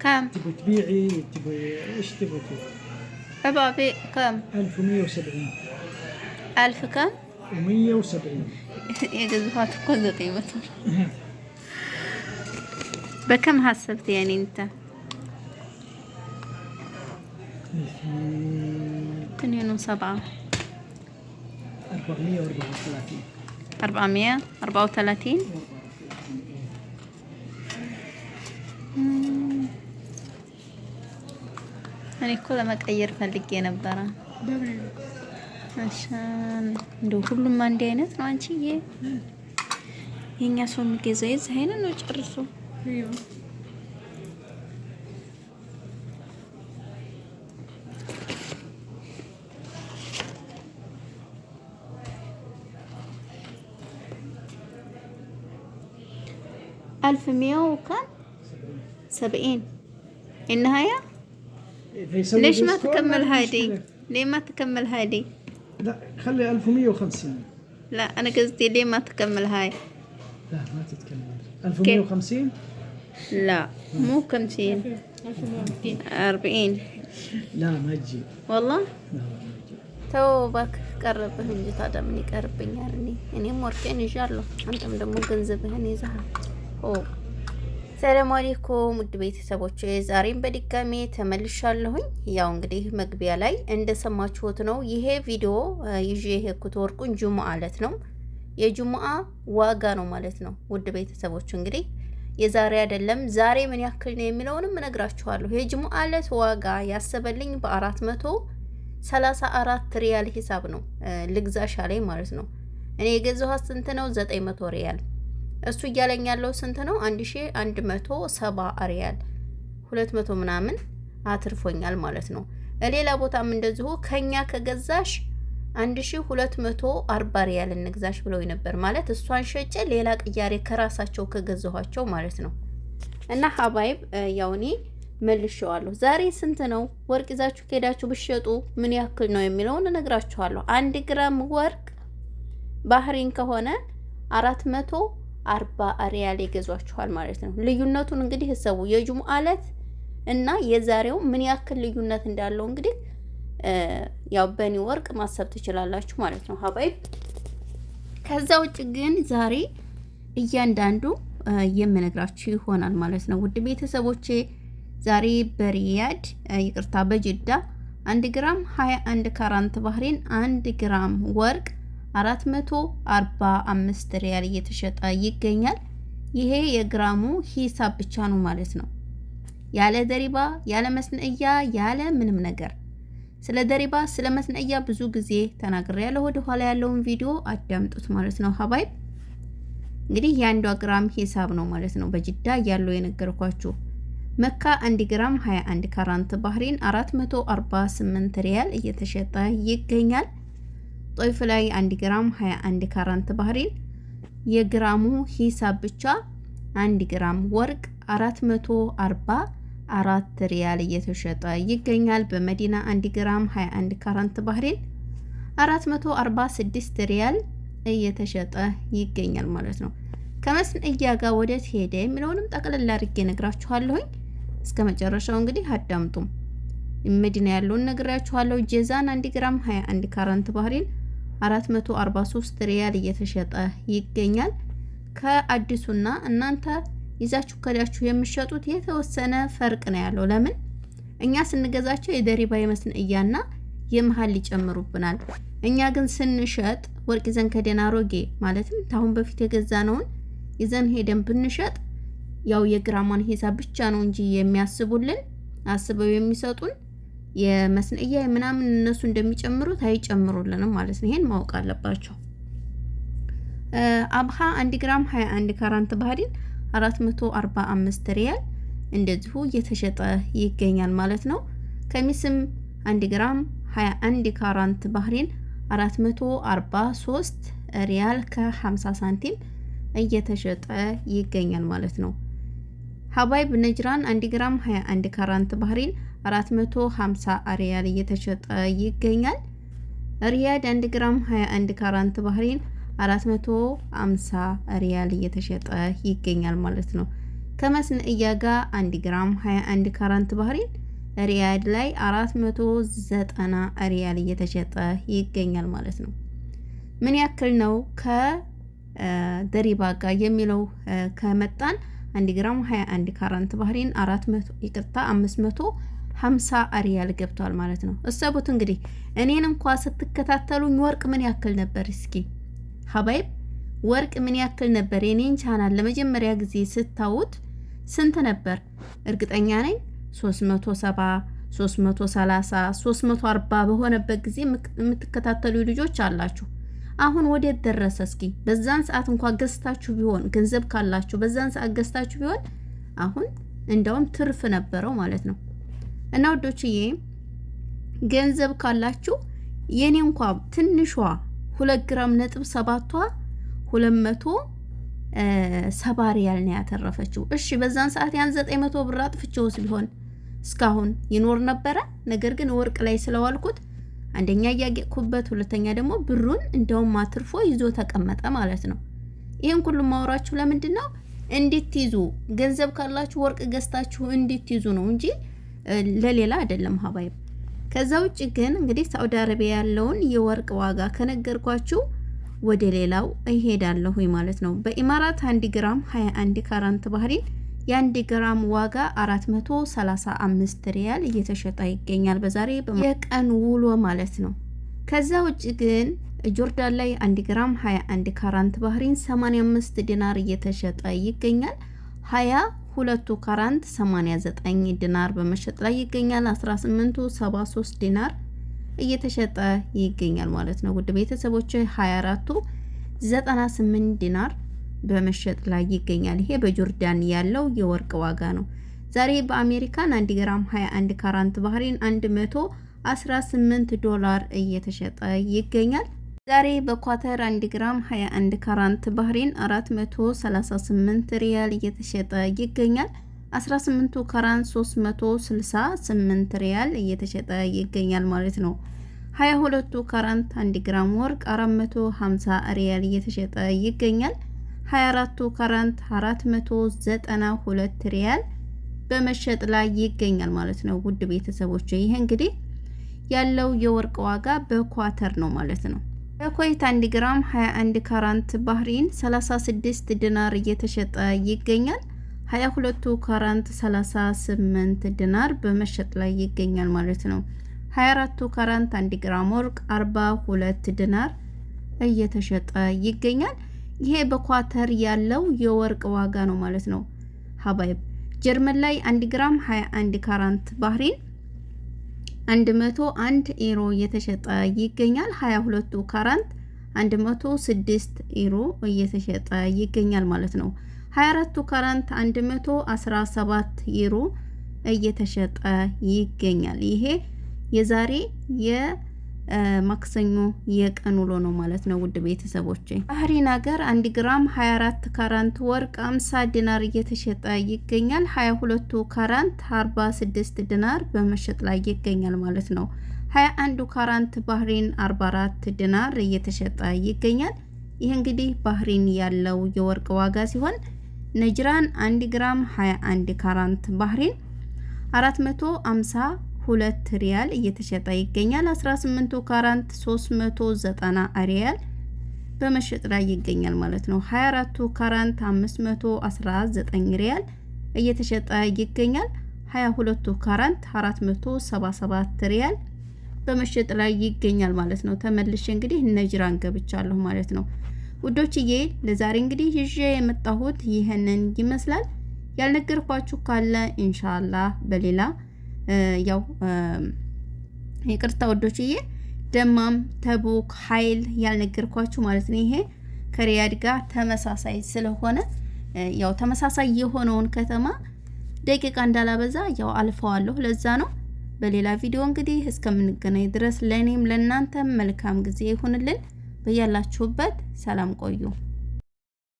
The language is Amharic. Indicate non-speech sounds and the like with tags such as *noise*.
كم؟ تبغي تبيعي تبغي ايش تبغي تبيعي؟ ابغى ابيع كم؟ 1170 1000 كم و170 *laughs* يجوز هو كل قيمته بكم حصلت يعني انت؟ اثنين وسبعة أربعمية وأربعة وثلاثين أربعمية أربعة وثلاثين እኔ እኮ ለመቀየር ፈልጌ ነበረ። እንደ ሁሉም አንድ አይነት ነው። አንቺዬ የእኛ ሰው የሚገዛ የዚህ አይነት ነው ጨርሶ አልፍ ሚያው ካን ሰብኤን እና ሀያ ليش ما تكمل هادي ليه ما تكمل هادي لا خلي 1150 لا انا قصدي ليه ما تكمل هاي لا ما تتكمل 1150 لا مو خمسين 40 لا ما تجي والله لا والله تو እባክህ ቀረብህ እንጂ يعني ምን ይቀርብኛል? እኔ እኔም عندهم ይዣለሁ፣ አንተም ደግሞ ገንዘብህን اوه ሰላም አለይኩም ውድ ቤተሰቦች፣ ዛሬም በድጋሜ ተመልሻለሁኝ። ያው እንግዲህ መግቢያ ላይ እንደሰማችሁት ነው። ይሄ ቪዲዮ ይዤ የሄድኩት ወርቁን ጁሙአ ዕለት ነው። የጁሙአ ዋጋ ነው ማለት ነው። ውድ ቤተሰቦች እንግዲህ የዛሬ አይደለም ዛሬ ምን ያክል ነው የሚለውንም እነግራችኋለሁ። የጁሙአ ዕለት ዋጋ ያሰበልኝ በአራት መቶ ሰላሳ አራት ሪያል ሂሳብ ነው ልግዛሻ ላይ ማለት ነው። እኔ የገዛኋት ስንት ነው? ዘጠኝ መቶ ሪያል እሱ እያለኝ ያለው ስንት ነው? አንድ ሺ አንድ መቶ ሰባ አሪያል ሁለት መቶ ምናምን አትርፎኛል ማለት ነው። ሌላ ቦታም እንደዚሁ ከኛ ከገዛሽ አንድ ሺ ሁለት መቶ አርባ ሪያል እንግዛሽ ብለው ነበር ማለት እሷን ሸጬ ሌላ ቅያሬ ከራሳቸው ከገዛኋቸው ማለት ነው። እና ሀባይብ ያውኔ መልሼዋለሁ። ዛሬ ስንት ነው ወርቅ ይዛችሁ ከሄዳችሁ ብሸጡ ምን ያክል ነው የሚለውን እነግራችኋለሁ። አንድ ግራም ወርቅ ባህሪን ከሆነ አራት መቶ አርባ ሪያል ይገዟችኋል ማለት ነው። ልዩነቱን እንግዲህ እሰቡ የጁም አለት እና የዛሬው ምን ያክል ልዩነት እንዳለው እንግዲህ ያው በኒ ወርቅ ማሰብ ትችላላችሁ ማለት ነው ሀባይ። ከዛ ውጭ ግን ዛሬ እያንዳንዱ የምነግራችሁ ይሆናል ማለት ነው ውድ ቤተሰቦቼ። ዛሬ በሪያድ ይቅርታ፣ በጅዳ አንድ ግራም 21 ካራንት ባህሬን አንድ ግራም ወርቅ 445 ሪያል እየተሸጠ ይገኛል። ይሄ የግራሙ ሂሳብ ብቻ ነው ማለት ነው፣ ያለ ደሪባ፣ ያለ መስነእያ፣ ያለ ምንም ነገር። ስለ ደሪባ ስለ መስነእያ ብዙ ጊዜ ተናግሬያለሁ። ወደ ኋላ ያለውን ቪዲዮ አዳምጡት ማለት ነው ሀባይብ። እንግዲህ የአንዷ ግራም ሂሳብ ነው ማለት ነው በጅዳ ያለው የነገርኳችሁ መካ 1 ግራም 21 ካራንት ባህሪን 448 ሪያል እየተሸጠ ይገኛል። ጦይፍ ላይ 1 ግራም 21 ካራንት ባህሪን የግራሙ ሂሳብ ብቻ 1 ግራም ወርቅ 444 ሪያል እየተሸጠ ይገኛል። በመዲና 1 ግራም 21 ካራንት ባህሪን 446 ሪያል እየተሸጠ ይገኛል ማለት ነው። ከመስንእያ ጋር ወደት ሄደ የሚለውንም ጠቅልላ አድርጌ ነግራችኋለሁኝ። እስከ መጨረሻው እንግዲህ አዳምጡም። መዲና ያለውን ነግራችኋለሁ። ጄዛን 1 ግራም 21 ካራንት ባህሪን 443 ሪያል እየተሸጠ ይገኛል። ከአዲሱና እናንተ ይዛችሁ ከዳችሁ የምትሸጡት የተወሰነ ፈርቅ ነው ያለው። ለምን እኛ ስንገዛቸው የደሪባ የመስንእያና የመሀል ይጨምሩብናል። እኛ ግን ስንሸጥ ወርቅ ይዘን ከደን አሮጌ ማለትም ታሁን በፊት የገዛ ነው ይዘን ሄደን ብንሸጥ ያው የግራሟን ሂሳብ ብቻ ነው እንጂ የሚያስቡልን አስበው የሚሰጡን የመስነእያ ምናምን እነሱ እንደሚጨምሩት አይጨምሩልንም ማለት ነው። ይሄን ማወቅ አለባቸው። አብሃ 1 ግራም 21 ካራንት ባህሪን 445 ሪያል እንደዚሁ እየተሸጠ ይገኛል ማለት ነው። ከሚስም 1 ግራም 21 ካራንት ባህሪን 443 ሪያል ከ50 ሳንቲም እየተሸጠ ይገኛል ማለት ነው። ሀባይብ ነጅራን 1 ግራም 21 ካራንት ባህሪን 450 ሪያል እየተሸጠ ይገኛል። ሪያድ 1 ግራም 21 ካራንት ባህሪን 450 ሪያል እየተሸጠ ይገኛል ማለት ነው። ከመስነእያ ጋር 1 ግራም 21 ካራንት ባህሪን ሪያድ ላይ 490 ሪያል እየተሸጠ ይገኛል ማለት ነው። ምን ያክል ነው ከደሪባ ጋር የሚለው ከመጣን 1 ግራም 21 ካራንት ባህሪን 400 ይቅርታ 550 አሪያል ገብቷል ማለት ነው። እሰቡት እንግዲህ እኔን እንኳ ስትከታተሉኝ ወርቅ ምን ያክል ነበር? እስኪ ሀባይብ ወርቅ ምን ያክል ነበር? የኔን ቻናል ለመጀመሪያ ጊዜ ስታዩት ስንት ነበር? እርግጠኛ ነኝ 370 330 340 በሆነበት ጊዜ የምትከታተሉ ልጆች አላችሁ። አሁን ወዴት ደረሰ? እስኪ በዛን ሰዓት እንኳ ገዝታችሁ ቢሆን ገንዘብ ካላችሁ በዛን ሰዓት ገዝታችሁ ቢሆን አሁን እንደውም ትርፍ ነበረው ማለት ነው። እና ወዶችዬ ገንዘብ ካላችሁ የኔ እንኳ ትንሿ ሁለት ግራም ነጥብ ሰባቷ ሁለት መቶ ሰባ ሪያል ነው ያተረፈችው። እሺ በዛን ሰዓት ያን ዘጠኝ መቶ ብር አጥፍቼውስ ቢሆን እስካሁን ይኖር ነበረ። ነገር ግን ወርቅ ላይ ስለዋልኩት አንደኛ እያጌጥኩበት፣ ሁለተኛ ደግሞ ብሩን እንደውም አትርፎ ይዞ ተቀመጠ ማለት ነው። ይህን ሁሉ ማውራችሁ ለምንድን ነው? እንድትይዙ ገንዘብ ካላችሁ ወርቅ ገዝታችሁ እንድትይዙ ነው እንጂ ለሌላ አይደለም ሀባይብ። ከዛ ውጭ ግን እንግዲህ ሳውዲ አረቢያ ያለውን የወርቅ ዋጋ ከነገርኳችሁ ወደ ሌላው እሄዳለሁ ማለት ነው። በኢማራት አንድ ግራም 21 ካራንት ባህሪን የአንድ ግራም ዋጋ 435 ሪያል እየተሸጠ ይገኛል። በዛሬ የቀን ውሎ ማለት ነው። ከዛ ውጭ ግን ጆርዳን ላይ 1 ግራም 21 ካራንት ባህሪን 85 ዲናር እየተሸጠ ይገኛል። 20 ሁለቱ ካራንት 89 ዲናር በመሸጥ ላይ ይገኛል። 18ቱ 73 ዲናር እየተሸጠ ይገኛል ማለት ነው። ውድ ቤተሰቦች 24ቱ 98 ዲናር በመሸጥ ላይ ይገኛል። ይሄ በጆርዳን ያለው የወርቅ ዋጋ ነው። ዛሬ በአሜሪካን 1 ግራም 21 ካራንት ባህሬን 118 ዶላር እየተሸጠ ይገኛል። ዛሬ በኳተር 1 ግራም 21 ካራንት ባህሬን 438 ሪያል እየተሸጠ ይገኛል። 18ቱ ካራንት 368 ሪያል እየተሸጠ ይገኛል ማለት ነው። 22ቱ ካራንት 1 ግራም ወርቅ 450 ሪያል እየተሸጠ ይገኛል። 24ቱ ከረንት 492 ሪያል በመሸጥ ላይ ይገኛል ማለት ነው። ውድ ቤተሰቦች ይህ እንግዲህ ያለው የወርቅ ዋጋ በኳተር ነው ማለት ነው። በኮይት 1 ግራም 21 ካራንት ባህሪን 36 ዲናር እየተሸጠ ይገኛል። 22ቱ ካራንት 38 ዲናር በመሸጥ ላይ ይገኛል ማለት ነው። 24ቱ ካራንት 1 ግራም ወርቅ 42 ዲናር እየተሸጠ ይገኛል። ይሄ በኳተር ያለው የወርቅ ዋጋ ነው ማለት ነው። ሀባይብ ጀርመን ላይ 1 ግራም 21 ካራንት ባህሪን 101 ኢሮ እየተሸጠ ይገኛል። ካራንት 106 ኢሮ እየተሸጠ ይገኛል ማለት ነው። ካራንት 117 ኢሮ እየተሸጠ ይገኛል። ይሄ የዛሬ የ ማክሰኞ የቀን ውሎ ነው ማለት ነው። ውድ ቤተሰቦች ባህሪን ሀገር አንድ ግራም 24 ካራንት ወርቅ 50 ዲናር እየተሸጠ ይገኛል። 22 ካራንት 46 ዲናር በመሸጥ ላይ ይገኛል ማለት ነው። 21 ካራንት ባህሪን 44 ዲናር እየተሸጠ ይገኛል። ይህ እንግዲህ ባህሪን ያለው የወርቅ ዋጋ ሲሆን ነጅራን 1 ግራም 21 ካራንት ባህሪን 450 ሁለት ሪያል እየተሸጠ ይገኛል። ካራንት 390 ሪያል በመሸጥ ላይ ይገኛል ማለት ነው። 24ቱ ካራንት 519 ሪያል እየተሸጠ ይገኛል። 22ቱ ካራንት 477 ሪያል በመሸጥ ላይ ይገኛል ማለት ነው። ተመልሼ እንግዲህ ነጅራን ገብቻለሁ ማለት ነው። ውዶችዬ ለዛሬ እንግዲህ ይዤ የመጣሁት ይህንን ይመስላል። ያልነገርኳችሁ ካለ ኢንሻአላህ በሌላ ያው ይቅርታ ወዶችዬ ደማም ተቦክ ሀይል ያልነገርኳችሁ ማለት ነው። ይሄ ከሪያድ ጋር ተመሳሳይ ስለሆነ ያው ተመሳሳይ የሆነውን ከተማ ደቂቃ እንዳላበዛ ያው አልፈዋለሁ። ለዛ ነው። በሌላ ቪዲዮ እንግዲህ እስከምንገናኝ ድረስ ለእኔም ለእናንተም መልካም ጊዜ ይሁንልን። በያላችሁበት ሰላም ቆዩ።